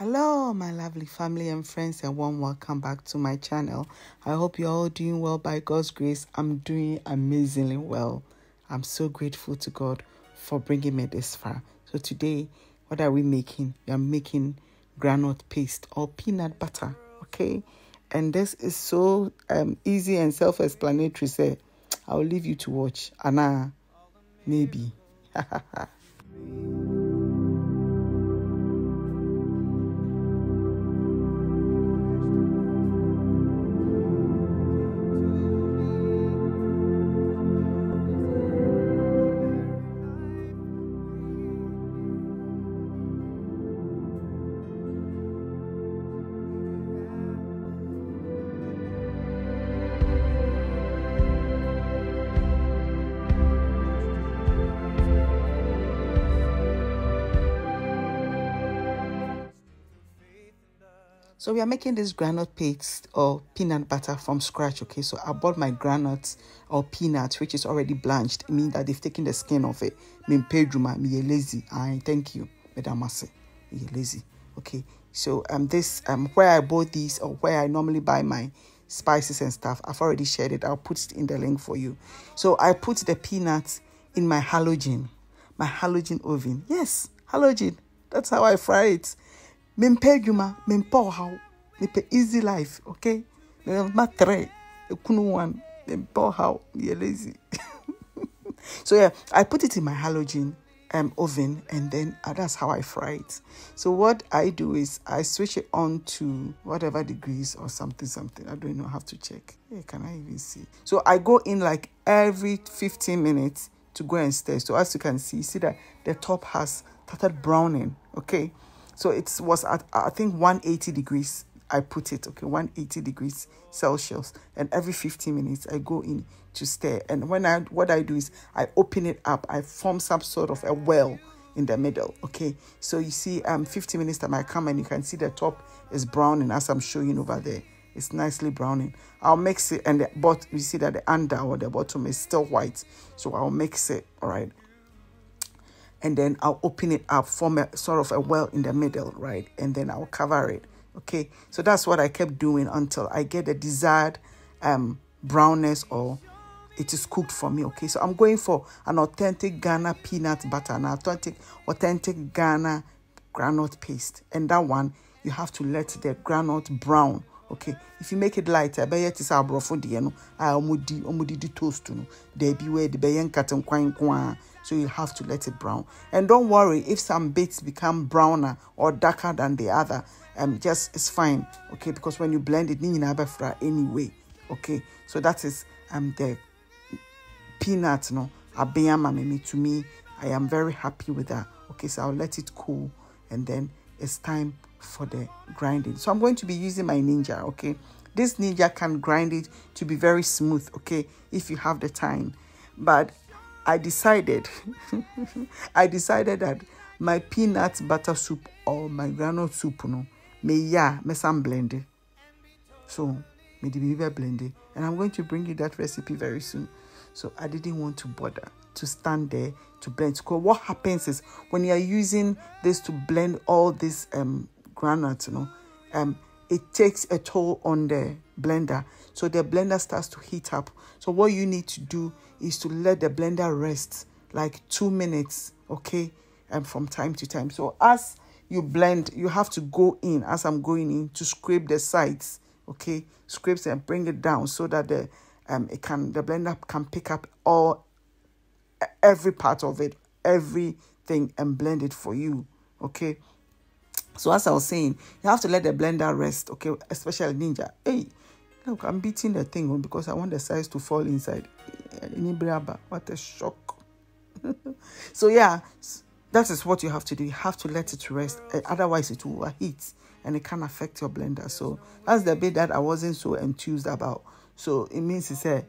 Hello, my lovely family and friends, and warm welcome back to my channel. I hope you're all doing well by God's grace. I'm doing amazingly well. I'm so grateful to God for bringing me this far. So, today, what are we making? We are making granite paste or peanut butter, okay? And this is so um, easy and self explanatory. so I'll leave you to watch. Anna, maybe. So we are making this granite paste or peanut butter from scratch, okay? So I bought my granite or peanut, which is already blanched, It mean that they've taken the skin off it. Pedro, pedruma, me lazy. I thank you, Madam Masse. Me lazy. Okay. So um this um where I bought these or where I normally buy my spices and stuff, I've already shared it. I'll put it in the link for you. So I put the peanuts in my halogen, my halogen oven. Yes, halogen. That's how I fry it mempɛ adwuma mempɛ ɔhaw mepɛ easy life okay matrɛ kunu one mempɛ ɔhaw meyɛ lazy so yeah i put it in my halogen um, oven and then uh, that's how I fry it. So what I do is I switch it on to whatever degrees or something something. I don't know, have to check. Yeah, can I even see? So I go in like every 15 minutes to go and stir. So as you can see, see that the top has started browning, okay? So it was at, uh, I think, 180 degrees. I put it, okay, 180 degrees Celsius. And every 15 minutes, I go in to stir. And when I, what I do is I open it up. I form some sort of a well in the middle, okay? So you see, um, 15 minutes time I come and you can see the top is browning as I'm showing over there. It's nicely browning. I'll mix it and the, but you see that the under or the bottom is still white. So I'll mix it, all right? and then I'll open it up, form a sort of a well in the middle, right? And then I'll cover it. Okay, so that's what I kept doing until I get the desired um, brownness or it is cooked for me. Okay, so I'm going for an authentic Ghana peanut butter, an authentic, authentic Ghana granite paste. And that one, you have to let the granite brown okay if you make it light ɛbɛyɛ te sɛ aborɔfo deɛ no a ɔmodi ɔmodidi toast no daabi wɔ de bɛyɛ nkate nkwan nko so you have to let it brown and don't worry if some bits become browner or darker than the other um, just it's fine okay because when you blend it ne nyinaa bɛfra anyway okay so that is um, the peanut no abea ma me to me i am very happy with that okay so i'll let it cool and then it's time for the grinding. So I'm going to be using my Ninja, okay? This Ninja can grind it to be very smooth, okay? If you have the time. But I decided, I decided that my peanut butter soup or my granola soup, no, me ya, me some blend. it. So, me the blend. And I'm going to bring you that recipe very soon. So I didn't want to bother to stand there to blend. So what happens is when you are using this to blend all these um, granules, you know, um, it takes a toll on the blender. So the blender starts to heat up. So what you need to do is to let the blender rest like two minutes, okay, and um, from time to time. So as you blend, you have to go in, as I'm going in, to scrape the sides, okay, scrape and bring it down so that the um it can the blender can pick up all every part of it, everything, and blend it for you. Okay. So as I was saying, you have to let the blender rest. Okay, especially ninja. Hey, look, I'm beating the thing on oh, because I want the size to fall inside. What a shock. so yeah, that is what you have to do. You have to let it rest. Eh, otherwise, it will overheat and it can affect your blender. So that's the bit that I wasn't so enthused about. So it means it's a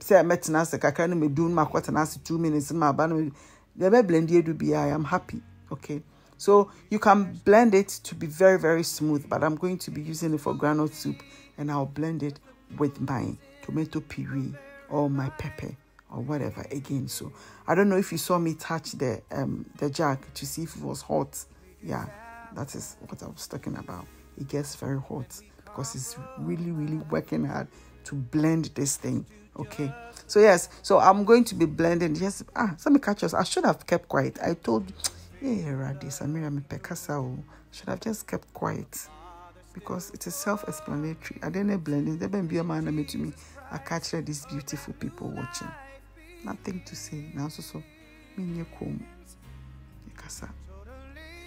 sɛ mɛtena ase kakra do mɛdu no makɔtena ase two minutes no maaba no deɛ blend yɛ du be. i'm happy okay so you can blend it to be very very smooth but i'm going to be using it for granite soup and i'll blend it with my tomato puree or my pepper or whatever again so i don't know if you saw me touch the um the jack to see if it was hot yeah that is what i was talking about it gets very hot because it's really really working hard to blend this thing. Okay. So yes, so I'm going to be blending. Yes, ah, some catches. I should have kept quiet. I told yeah, Samira Mipekasa. Should have just kept quiet. Because it is self-explanatory. I didn't blend it. There be a man to me. I catch these beautiful people watching. Nothing to say. Now so so me Mikasa.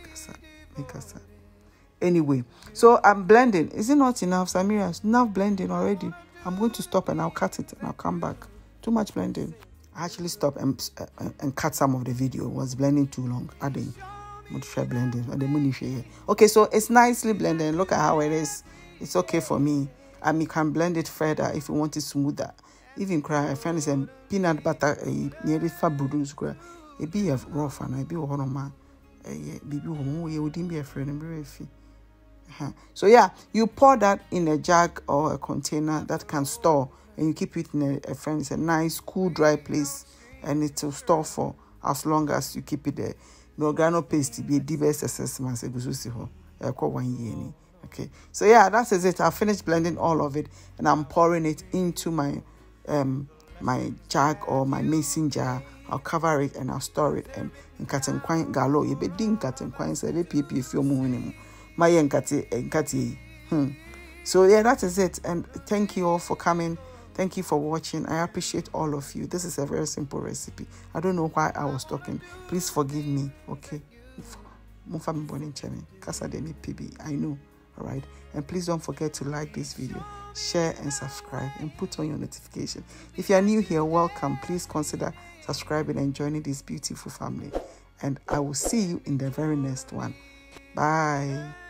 Mikasa. Mikasa. Anyway, so I'm blending. Is it not enough, Samira? It's enough blending already. I'm going to stop and I'll cut it and I'll come back. Too much blending. I actually stopped and, uh, and cut some of the video. It was blending too long. Adding. blending. Okay, so it's nicely blended. Look at how it is. It's okay for me. And you can blend it further if you want it smoother. Even cry, I find it's a peanut butter, a nearly fabulous. bruise. It be a rough and I be a horror man. Bibi, who you wouldn't be a friend and be a so yeah, you pour that in a jug or a container that can store and you keep it in a, a friend. It's a nice, cool, dry place and it will store for as long as you keep it there. The organo paste be diverse assessments. Uh, okay, so yeah, that is it. I finished blending all of it and I'm pouring it into my um my jug or my mason jar. I'll cover it and I'll store it and in cotton quine galo. You be ding cotton quine, so if you're anymore. My enkati eh, hmm. So yeah, that is it. And thank you all for coming. Thank you for watching. I appreciate all of you. This is a very simple recipe. I don't know why I was talking. Please forgive me. Okay. I know. All right. And please don't forget to like this video, share and subscribe and put on your notification. If you are new here, welcome. Please consider subscribing and joining this beautiful family. And I will see you in the very next one. Bye.